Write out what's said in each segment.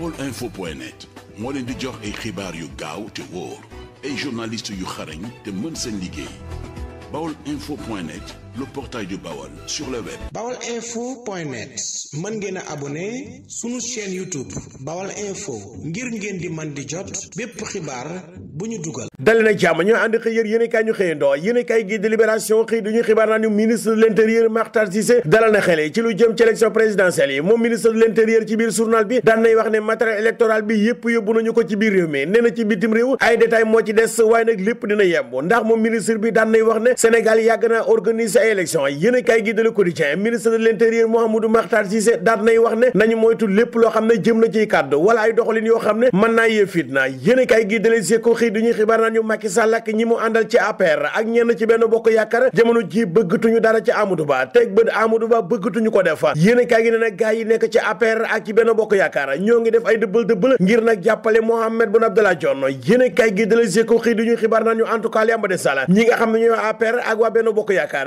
baol info point moo leen di jox ay xibaar yu gaaw te wóor ay journaliste yu xarañ te mën seen liggéey baol info point net le portail du Baol sur le web. baolinfo.net mën ngeen a sunu chaîne YouTube Baol Info ngir ngeen di man di jot bépp xibaar bu ñu dugal. dale na jàmm ñu ànd xëy yéen ñu xëyandoo yéen kaay gi délibération xëy du xibaar naa ni ministre de l' intérieur Makhtar Cissé dalal na xel ci lu jëm ci élection présidentielle yi moom ministre de l' intérieur ci biir journal bi daan nay wax ne matériel électoral bi yëpp yóbbu nañu ko ci biir réew mi nee na ci bitim réew ay détails bi daan nay wax ca élection yéen a kayi ministre de l'intérieur Mouhamadou Makhtar Cissé daat nay wax ne loo xam ne jëm na ciy kàddu yoo xam ne mën naa yee fitna a kayi gi dale si ko xëy duñuy xibaar naan ñu Macky Sall ci APR ak ñenn ci ji bëggatuñu dara ci Amadou Ba teg bët Amadou ko def yéen a kayi gi yi nekk ci APR ak ci benn bokk a kayi gi dale si ko xëy duñuy xibaar naan ñu en tout cas sala ñi nga xam ne ñooy APR ak waa benn bokk yaakaar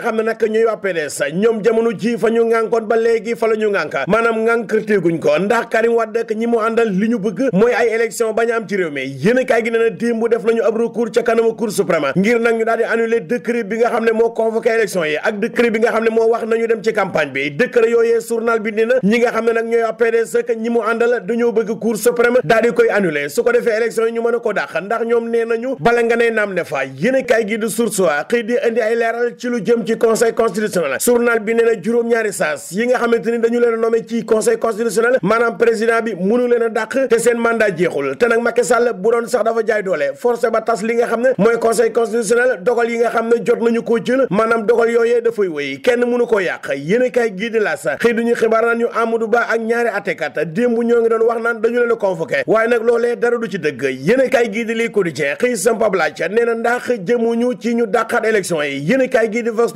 nga xam nag ñuy waa PDS ñoom jamono ji fa ñu ngànkoon ba fa ko ndax Karim ak ñi bi nga xam ne moo convoqué élection yi ak décret bi nga xam ne moo wax nañu dem ci campagne bi décret yooyee journal bi ne ñi nga xam ne nag ñooy waa PDS ak ñi mu àndal dañoo bëgg Cour suprême daal koy annuler su ko defee élection yi ñu mën a ko dàq ndax ñoom nee nañu bala nga ne naam ne fa yéen gi di source xëy di indi ay leeral ci lu jëm ci conseil constitutionnel journal bi nee juróom-ñaari saas yi nga xamante ni dañu leen a ci conseil constitutionnel maanaam président bi mënu leen a dàq te seen mandat jeexul te nag Macky Sall bu doon sax dafa jaay doole forcé ba tas li nga xam ne mooy conseil constitutionnel dogal yi nga xam ne jot nañu koo jël maanaam dogal yooyee dafay wéy kenn mënu koo yàq yéen a kaay gii di laas xëy duñu xibaar naan ñu Amadou Ba ak ñaari attekat démb ñoo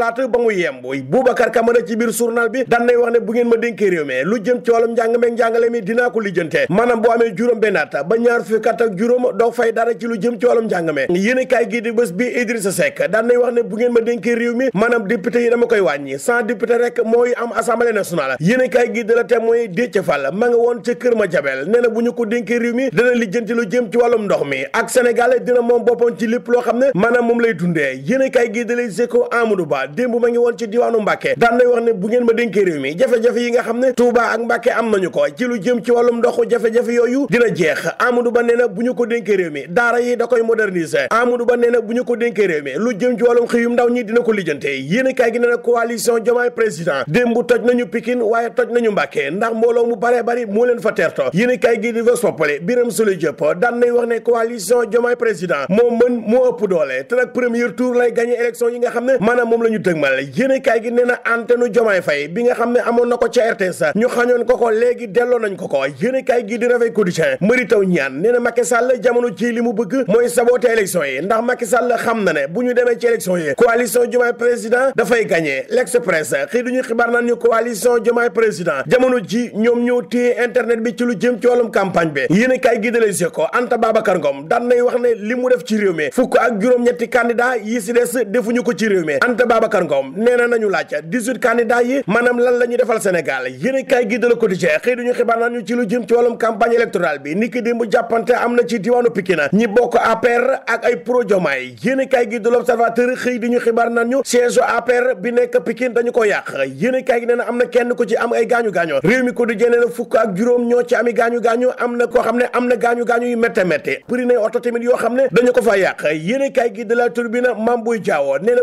xoolaat ba mu yembu Boubacar Camara ci biir journal bi dan wax ne bu ngeen ma dénkee réew mi lu jëm ci wàllum njàng meeg njàngale mi dinaa ko lijjante maanaam boo amee juróom benn njàng wax ne bu ngeen ma dénkee réew mi maanaam député yi dama koy wàññi sans député rek mooy am assemblée nationale yéen kaay gii di la témoin Déthié Fall ma nga woon ca Kër Madiabel nee na bu ñu ko dénkee réew mi dana lijjanti lu jëm ci wàllum ndox mi ak Sénégal dina moom boppam ci lépp loo xam ne maanaam moom lay dundee yéen kaay gii di Les Échos Amadou démb ma ngi woon ci diwaanu Mbàkke daan nay wax ne bu ngeen ma dénkee réew mi jafe-jafe yi nga xam ne Touba ak Mbàkke am nañu ko ci lu jëm ci wàllum ndoxu jafe-jafe yooyu dina jeex Amadou Ba nee na bu ñu ko dénkee mi daara yi da koy moderniser Amadou Ba nee na bu ñu ko dénkee réew mi lu jëm ci wàllum xëyum ndaw ñi dina ko lijjante yéen kaay gi nee na coalition Diomaye président démb toj nañu Pikine waaye toj nañu Mbàkke ndax mbooloo mu bare bari moo leen fa teerto yéen kaay gi di Vox Populi Birame Souleye Diop daan nay moo mën moo doole te nag premier tour lay gagné élection yi nga la ñu dëgmal gi nee na antenne Diomaye Faye bi nga xam ne amoon na ko ca RTS ñu xañoon ko ko léegi delloo nañ ko ko yéenekaay gi di Réveil Quotidien Mary Teuw Niane nee na Macky Sall jamono ji li mu bëgg mooy saboter élection yi ndax Macky Sall xam na ne bu ñu demee ci élection yi coalition Diomaye président dafay gagné l'Express xëy duñu xibaar naan ñu coalition Diomaye président jamono ji ñoom ñoo téye internet bi ci lu jëm ci wàllum campagne bi yéenekaay gi di Les Échos Anta Babacar Ngom daan nay wax ne li mu def ci réew mi fukk ak juróom-ñetti candidat yi si des defuñu ko ci réew mi Babacar Ngom nee na nañu laajte 18 candidats yi maanaam lan la defal Sénégal yéen kaay gi de Le Quotidien xëy xibaar naan ci lu jëm ci wàllum campagne électorale bi ni ki démb jàppante am na ci diwaanu Pikine ñi bokk APR ak ay pro Diomaye yéen kaay gi de L'Observateur xëy xibaar naan ñu siège bi nekk Pikine dañu ko yàq yéen kaay gi ay gaañu gaañoo na fukk ak juróom ñoo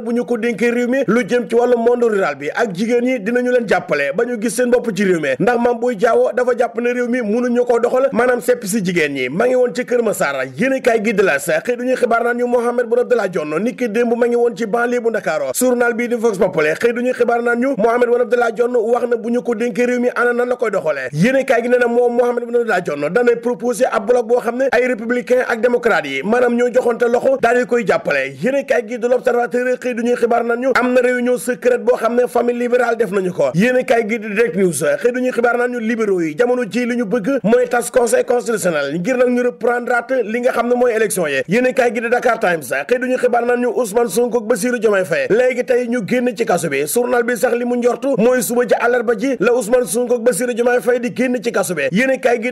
bu ñu ko dénkee réew réew mi lu jëm ci wàllu monde rural bi ak jigéen ñi dinañu leen jàppale ba ñu gis seen bopp ci réew mi ndax Mame Boye Diao dafa jàpp ne réew mi mënuñu ko doxal maanaam sepp si jigéen ñi ma ngi woon ci Kër Massar yéene kaay gi de la sa xëy duñuy xibaar naan ñu Mohamed Boun Abdallah Dionne ni ki démb ma ngi woon ci banlieue bu Ndakaaru journal bii di Vox Populi xëy duñuy xibaar naan ñu Mohamed Boun Abdallah Dionne wax na bu ñu ko dénkee réew mi ana nan la koy doxalee yéene kaay gi nee na moom Mohamed Boun Abdallah Dionne danay proposé boo xam ne ay républicain ak démocrate yi maanaam ñoo joxonte loxo daal koy jàppale yéene gi de l'Observateur xëy duñuy xibaar naan am na réunion secrète boo xam ne famille libérale def nañu ko yéen a kaay gi di direct news xëy duñu xibaar naan ñu libéraux yi jamono ji li ñu bëgg mooy tas conseil constitutionnel ngir nag ñu reprendre li nga xam ne mooy élection yi yéen a kaay gi di Dakar Times xëy duñu xibaar naan ñu Ousmane Sonko ak Bassirou Diomaye Faye léegi tey ñu génn ci kaso bi journal bi sax li mu njortu mooy suba ci àllarba ji la Ousmane Sonko ak Bassirou Diomaye Faye di génn ci kaso bi yéen a gi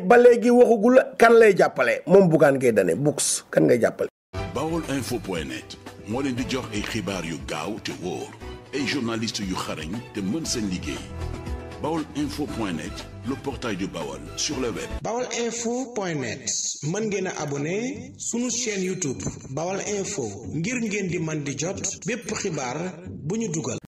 ba léegi kan lay jàppale moom Bougane gi dani books kan ngay jàppale Baol info point net moo leen di jox ay xibaar yu gaaw te wóor ay journalistes yu xarañ te mën seen liggéey bawal info point net le portail du Baol sur le web. bawal info net mën ngeen a abonné sunu chaîne YouTube bawal info ngir ngeen di mën di jot bépp xibaar bu ñu dugal.